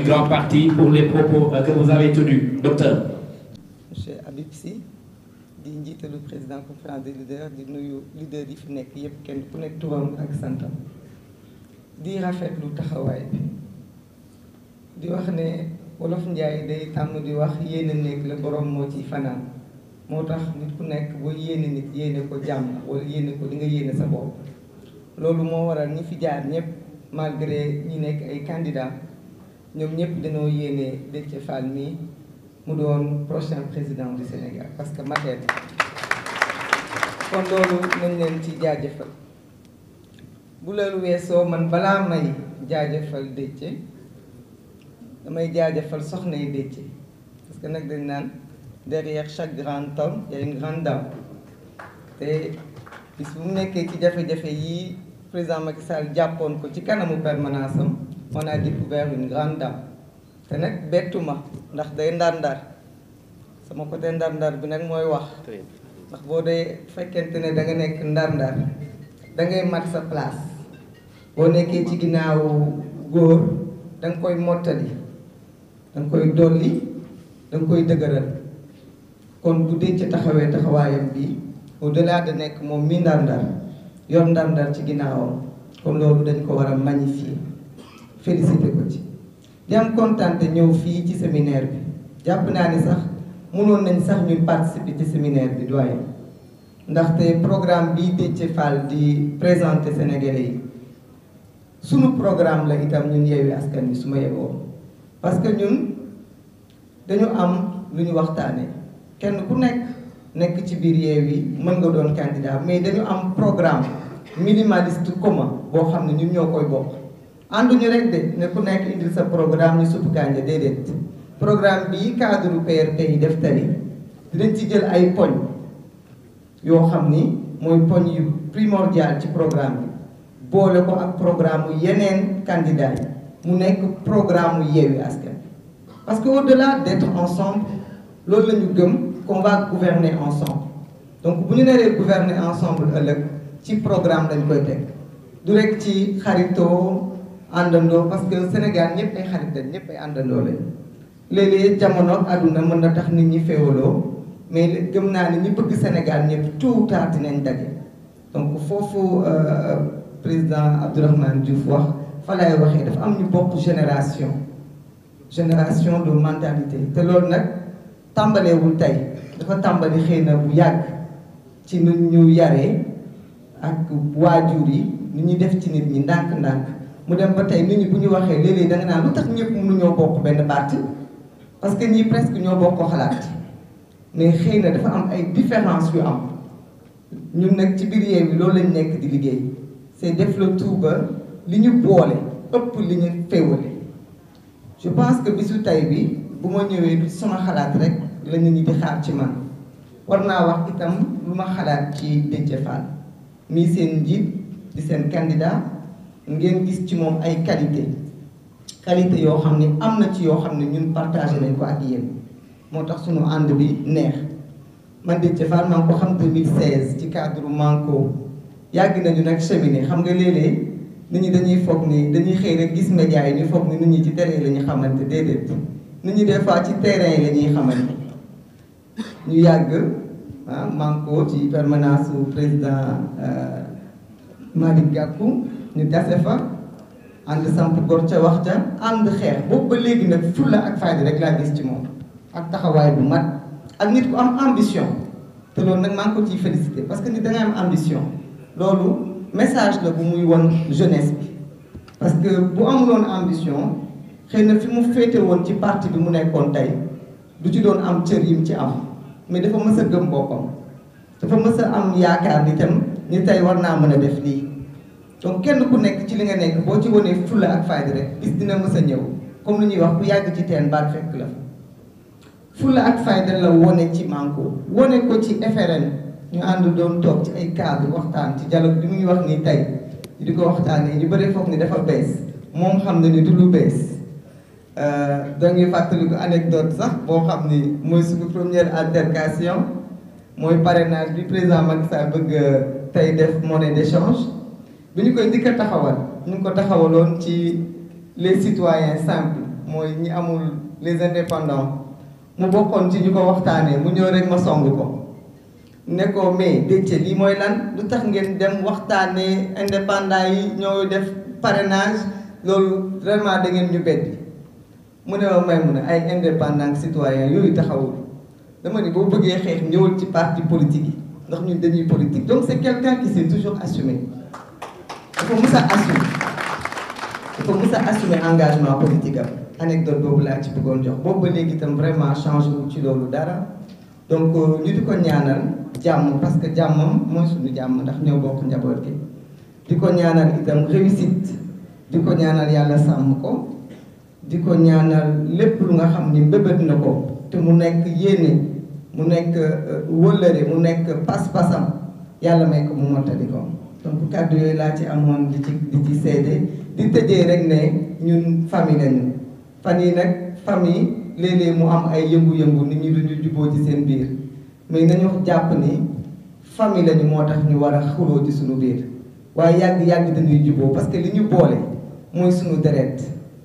parti pour les propos euh, que di njiitalu président conférence des leaders yi fi nekk yépp kenn ku nekk turam ak santam di rafetlu taxawaay bi di wax ne wolof njaay day tàmm di wax yéene nekk la borom moo ci fanaan moo tax nit ku nekk boo yéene nit yéene ko jàmm wala yéene ko di nga yéene sa bopp loolu moo waral ñi fi jaar ñépp malgré ñi nekk ay candidats. ñoom ñëpp dañoo yéene Déthié Fall mii mu doon prochain président du Sénégal parce que matee na kon loolu nañ leen ci jaajëfal bu loolu weesoo man balaa may jaajëfal Déthié damay jaajëfal soxna yi Déthié parce que nag dañ naan derrière chaque grand homme il y a une grande te bis bu mu nekkee ci jafe-jafe yi président Macky Sall jàppoon ko ci kanamu permanence am on a découvert une grande dame te nag bettuma ndax day ndar-ndar sama côté ndar-ndar bi nag mooy wax ndax boo dee fekkente ne danga nekk ndar-ndar da ngay mat sa place boo nekkee ci ginnaawu góor da koy mottali da nga koy dolli da koy dëgëral kon bu denc taxawee taxawaayam bi au delà de nekk moom mi ndar-ndar yor ndar-ndar ci ginnaawam kon loolu dañ ko war a magnifier félicité ko ci di am kontaan ñëw fii ci séminaire bi jàpp naa ni sax mënoon nañ sax ñu participer ci séminaire bi doyen ndaxte programme bi Déthié Fall di présenter Sénégalais yi sunu programme la itam ñun Yewwi Askan Wi su yeboo parce que ñun dañu am lu ñu waxtaanee kenn ku nekk nekk ci biir Yewwi mën nga doon candidat mais dañu am programme minimaliste commun boo xam ne ñun ñoo koy bokk ànduñu rek de ne ku nekk indil sa programme ñu suppu kànja déedéet programme bii cadre PRP yi def tey dinañ ci jël ay poñ yoo xam ni mooy poñ yu primordial ci programme bi boole ko ak programme yeneen candidat yi mu nekk programme Yewwi Askan parce que au-delà d'être ensemble loolu lañu ñu gëm qu'on va gouverner ensemble donc bu ñu naree gouverner ensemble ëllëg ci programme lañ koy teg du rek ci xaritoo àndandoo parce que Sénégal ñëpp ay xarit lañ ñëpp ay àndandoo lañ léegi léeg jamono àdduna mën na tax nit ñi féewaloo mais gëm naa ne ñi bëgg Sénégal ñëpp tôt ou dinañ daje donc foofu euh, président Abdourahmane Diouf wax fa waxee dafa am ñu bokk génération génération de mentalité te loolu nag tàmbaleewul tey dafa tàmbali xëy na bu yàgg ci nu ñu yaree ak waajur yi nu ñuy def ci nit ñi ndànk-ndànk. mu dem ba tey nit ñi bu ñu waxee léeg-léeg da nga naan lu tax ñëpp mënuñoo bokk benn baat parce que ñii presque ñoo bokkoo xalaat mais xëy na dafa am ay différence yu am ñun nag ci biir Yewwi loolu lañ nekk di liggéey c'est def le tout li ñu boole ëpp li ñu féewale je pense que bisu tay bi bu ma ñëwee du sama xalaat rek la ñu ñi di xaar ci man war naa wax itam lu ma xalaat ci Déthié Fall mii seen njiit di seen candidat ngeen gis ci moom ay qualité qualité yoo xam ne am na ci yoo xam ne ñun partagé nañ ko ak yéen moo tax suñu ànd bi neex man Déthié Fall maa ngi ko xam 2016 ci cadre Manko yàgg nañu nag cheminé xam nga léeg-léeg nit ñi dañuy foog ni dañuy xëy rek gis média yi ñu foog ni nit ñi ci terrain la ñu xamante déedéet nit ñi des fois ci terrain yi la ñuy xamante ñu yàgg ah ci permanence su président euh, Malick Gakou ñu gase fa ànd samp gor ca wax ca ànd xeex boobu ba léegi nag fulla ak fayda rek laa gis ci moom ak taxawaay bu mat ak nit ku am ambition te loolu nag maa ngi ko ciy félicité parce que nit da nga am ambition loolu message la bu muy won jeunesse bi parce que bu amuloon ambition xëy na fi mu féete woon ci parti bi mu nekkoon tey du ci doon am cër mu ci am mais dafa mës a gëm boppam dafa mës a am yaakaar ni tam ni tey war naa mën a def lii donc kenn ku nekk ci li nga nekk boo ci wanee fulla ak fayda rek bis dina mës a ñëw comme lu ñuy wax ku yàgg ci teen baat fekk la fa fulla ak fayda la wone ci manko wone ko ci FRN ñu ànd doon toog ci ay cadre waxtaan ci dialogue bi muy wax ni tey di ko waxtaanee ñu bëri foog ni dafa bees moom xam na ni du lu bees euh, dangay fàttaliku anecdote sax boo xam ni mooy suñu première altercation mooy naa bi président Macky Sall bëgg euh, tey def monnaie d'échange bi ñu koy dikk taxawal ñu ngi ko taxawaloon ci les citoyens simples mooy ñi amul les indépendants mu bokkoon ci ñu ko waxtaanee mu ñëw rek ma song ko ne ko décce lii mooy lan lu tax ngeen dem waxtaanee indépendant yi ñoo def parrainage loolu vraiment da ngeen ñu bett mu ne ma may mu ne ay indépendant citoyen yooyu taxawul dama ni boo bëggee xeex ñëwal ci parti politique yi ndax ñu dañuy politique donc c'est quelqu'un qui s'est toujours assumé dafa mus a assumer dafa mus a assumer engagement politique am anecdote boobu laa ci bëggoon jox boobu ba léegi itam vraiment changé wu ci loolu dara donc euh, ñu di ko ñaanal jàmm parce que jàmmam mooy suñu jàmm ndax ñëw bokk njaboot gi di ko ñaanal itam réussite di ko ñaanal yàlla sàmm ko di ko ñaanal lépp lu nga xam ni mbébét na ko te mu nekk yéene mu nekk euh, wëllëre mu nekk pas-pasam yàlla may ko mu mottali ko donc kàddu yooyu laa ci amoon di ci di ci seede di tëjee rek ne ñun famille lañu fan yi nag famille léeg-léeg mu am ay yëngu-yëngu nit ñi duñu juboo ci seen biir mais nañu jàpp ni fami lañu moo tax ñu war a xuloo ci suñu biir waaye yàgg-yàgg dañuy juboo parce que li ñu boole mooy suñu deret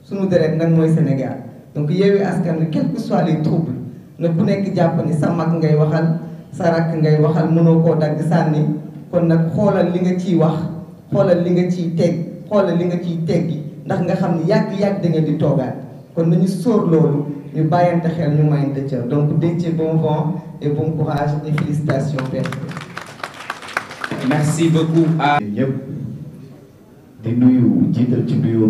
suñu deret nag mooy Sénégal donc Yewwi Askan Wi quel que soit les troubles na ku nekk jàpp ni sa mag ngay waxal sa rakk ngay waxal mënoo koo dagg sànni kon nag xoolal li nga ciy wax xoolal li nga ciy teg xoolal li nga ciy teggi ndax nga xam ne yàgg-yàgg da di toogaat kon nañu sóor loolu ñu bàyyante xel ñu mayante cër donc Déthié bon vent et bon courage et félicitations perte merci beaucoup di ci nuyoo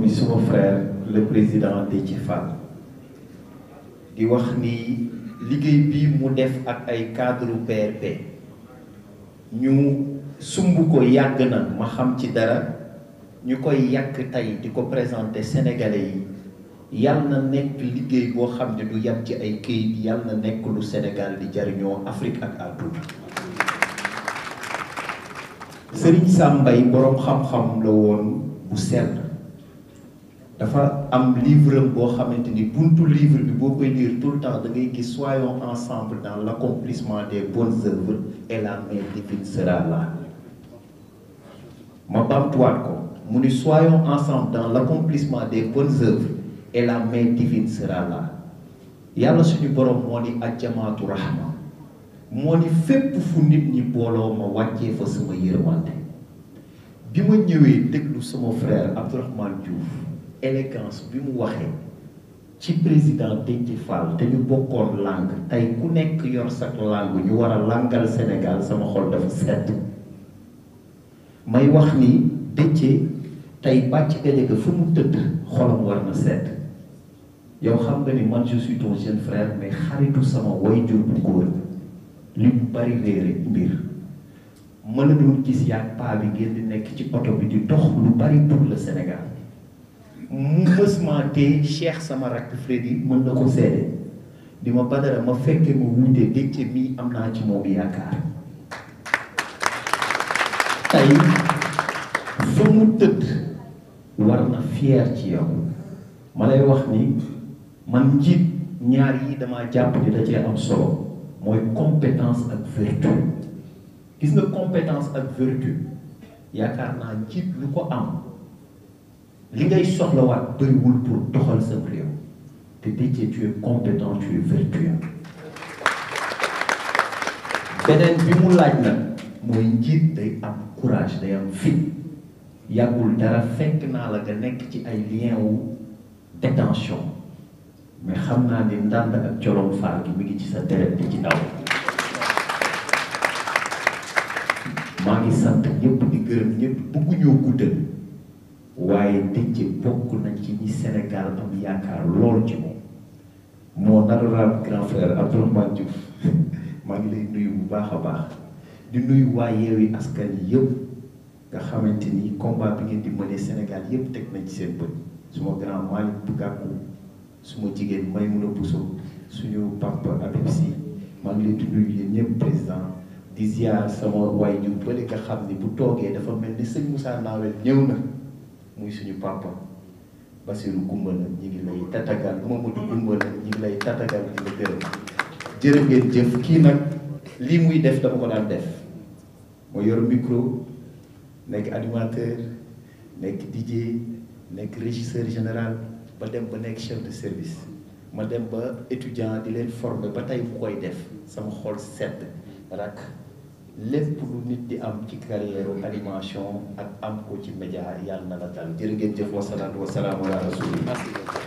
bi wax ni liggéey bii mu def ak ay cadre PRP ñu sumb ko yàgg na ma xam ci dara ñu koy yàq tey di ko présenter sénégalais yi yàlla na nekk liggéey boo xam ne du yam ci ay këyit yàlla na nekk lu Sénégal di jariñoo Afrique ak àdduna Serigne Sam Mbaye boroom xam-xam la woon bu sell dafa am livre boo xamante ni buntu livre bi boo koy lire tout le temps da ngay gis soyons ensemble dans l'accomplissement des bonnes œuvres et la main divine sera là ma bamtuwaat ko mu ni soyons ensemble dans l'accomplissement des bonnes œuvres et la main divine sera là yàlla suñu borom moo ni ajjamaatu rahma moo ni fépp fu nit ñi booloo ma wàccee fa sama yërmande bi ma ñëwee déglu sama frère Abdourahmane Diouf élégance bi mu waxee ci président Déthié Fall te ñu bokkoon langue tey ku nekk yor sax langue ñu war langal Sénégal sama xol dafa sedd may wax ni dëccee tey bàcc gajaga fu mu tëdd xolam war na sedd yow xam nga ni man je suis ton jeune frère mais xaritu sama waajur bu góor li mu bari réere mbir mën a doon gis yaag paa bi ngeen di nekk ci oto bi di dox lu bari pour le Sénégal mu mës maa sama rakk Freddy mën na ko seede di ma badara ma fekke mu wuute dëcce mii am naa ci moom yaakaar tey fa mu tëdd war na fier ci yow ma lay wax ni man njiit ñaar yi damaa jàpp ni da cee am solo mooy compétence ak vertu gis nga compétence ak vertu yaakaar naa njiit lu ko am li ngay soxlawaat doywul pour doxal sam réew te Déthié tu es compétent tu es beneen bi mu laaj nag mooy njiit day am courage day am fit yàggul dara fekk naa la nga nekk ci ay lien wu détention mais xam naa ni ndànd ak colom faar gi mi ngi ci sa deret ci daw maa ngi sant ñëpp di gërëm ñëpp bëgguñoo guddal waaye dëcc bokk nañ ci ñi Sénégal am yaakaar lool ci moom moo nar a grand frère Abdourahmane Diouf maa ngi lay nuyu bu baax a baax di nuyu waa Yewwi Askan Wi yëpp nga xamante ni combat bi ngeen di mënee Sénégal yëpp teg nañ ci seen bët suma grand Malick Gakou suma jigéen Maymouna Bousso suñu papa Habib Sy maa ngi leen di nuyu yéen ñëpp président di sama waay ju bële nga xam ni bu toogee dafa mel ni sëñ Moussa Nawel ñëw na muy suñu papa Basirou Gumba la ñu ngi lay tatagal Mamadou Gumba la ñu ngi lay tatagal di la gërëm jëf kii nag. lii muy def dama ko daan def moo yor micro nekk animateur nekk DJ nekk régisseur général ba dem ba nekk chef de service ma dem ba étudiant di leen former ba tey mu koy def sama xool sedd rak lépp lu nit di am ci carrière animation ak am ko ci média yàlla na la dal jër ngeen jëf wasalaatu wasalaamu ala rasulillah